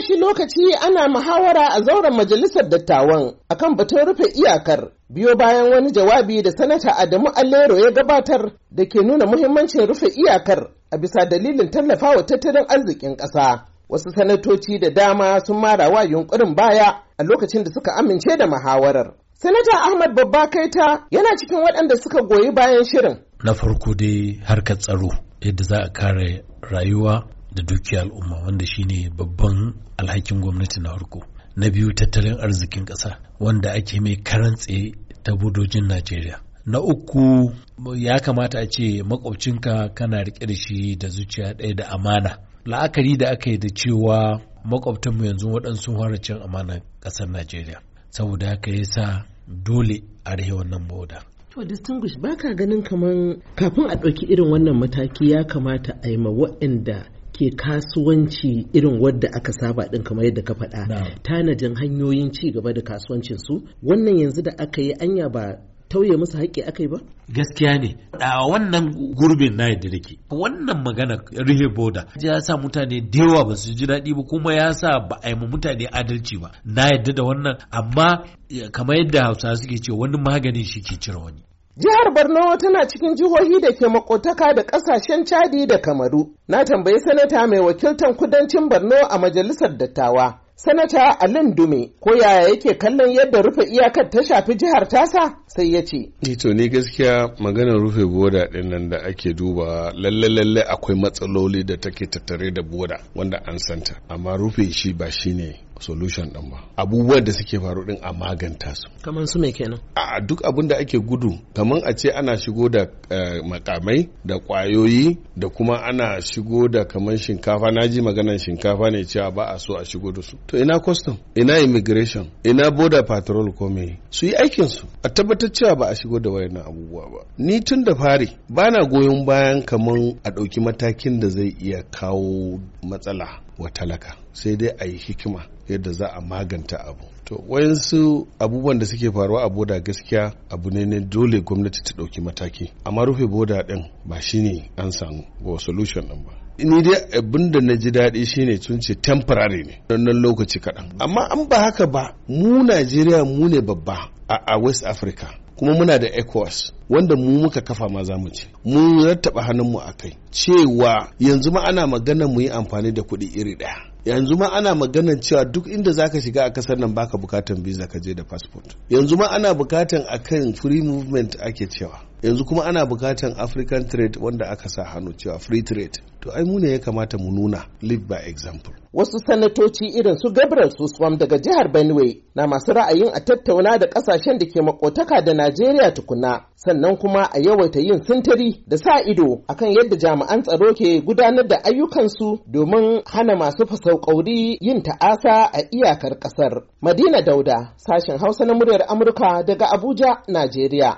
shi lokaci ana muhawara a zauren majalisar dattawan akan batun rufe iyakar biyo bayan wani jawabi da sanata Adamu Allero ya gabatar da ke nuna muhimmancin rufe iyakar a bisa dalilin tallafawa tattalin arzikin ƙasa. Wasu sanatoci da dama sun mara wa yunkurin baya a lokacin da suka amince da muhawarar. Sanata Ahmad Babba Kaita yana cikin waɗanda suka goyi bayan shirin. Na farko dai harkar tsaro yadda za a kare rayuwa da dukiyar al'umma wanda shine babban alhakin gwamnati na harko na biyu tattalin arzikin ƙasa wanda ake mai karantse ta budojin najeriya na uku ya kamata a ce makwabcinka kana riƙe da shi da zuciya ɗaya da amana la'akari da aka yi da cewa makwabtanmu yanzu waɗansu fara cin amana ƙasar najeriya saboda haka ya sa dole a rahe wannan boda To distinguish ba ka ganin kamar kafin a ɗauki irin wannan mataki ya kamata a yi ma waɗanda ke kasuwanci irin wadda aka saba din kamar yadda ka faɗa tanajin hanyoyin ci gaba da kasuwancin su wannan yanzu da aka yi anya ba tauye musu haƙƙi aka yi ba? Gaskiya ne, a wannan gurbin na yadda rike. Wannan magana rihe boda ya sa mutane da yawa ba su ji daɗi ba kuma ya sa ba a yi ma mutane adalci ba. Na yadda da wannan, amma kamar yadda Hausa suke ce wani magani shi ke cire wani. Jihar Borno tana cikin jihohi da ke makotaka da kasashen Chadi da Kamaru. Na tambayi sanata mai wakiltan kudancin Borno a majalisar dattawa. Sanata Alin Dume ko yaya yake kallon yadda rufe iyakar ta shafi jihar tasa sai ya ce. Ito eh ne gaskiya maganar rufe boda ɗin nan da ake duba lalle lalle akwai matsaloli da take tattare da boda wanda an santa amma rufe shi ba shi ne solution din ba abubuwan da suke faru ɗin a maganta su kamar su me kenan a duk abin da ake gudu kaman a ce ana shigo da eh, makamai da kwayoyi da kuma ana shigo da kaman shinkafa naji maganan shinkafa ne cewa ba a so a shigo da su to ina custom ina immigration ina border patrol ko me su yi aikin su a tabbatar cewa ba a shigo da wayannan abubuwa ba ni tun da fari bana goyon bayan kamar a ɗauki matakin da zai iya kawo matsala wa talaka sai dai a yi hikima yadda za a maganta abu to wayansu abubuwan da suke faruwa a boda gaskiya abu ne ne dole gwamnati ta ɗauki mataki amma rufe boda ɗin ba shine an samu ba solution ɗin ba ni dai abin da na ji daɗi shine sun ce temporary ne don nan lokaci kaɗan amma an ba haka ba mu najeriya mu ne babba a west africa kuma muna da ecowas wanda mu muka kafa ma zamu ce mu rattaba hannunmu a kai cewa yanzu ma ana magana mu yi amfani da kuɗi iri ɗaya yanzu ma ana maganan cewa duk inda zaka shiga a kasar nan baka bukatan visa ka je da passport yanzu ma ana bukatan akan free movement ake cewa yanzu kuma ana bukatan african trade wanda aka sa hannu cewa free trade to ai mu ya kamata mu nuna live by example wasu sanatoci irin su gabriel suswam daga jihar benue na masu ra'ayin a tattauna da kasashen da ke makotaka da najeriya tukuna sannan kuma a yawaita yin sintiri da sa ido akan yadda jami'an tsaro ke gudanar da ayyukansu domin hana masu fasaukauri yin ta'asa a iyakar kasar madina dauda sashen hausa na muryar amurka daga abuja najeriya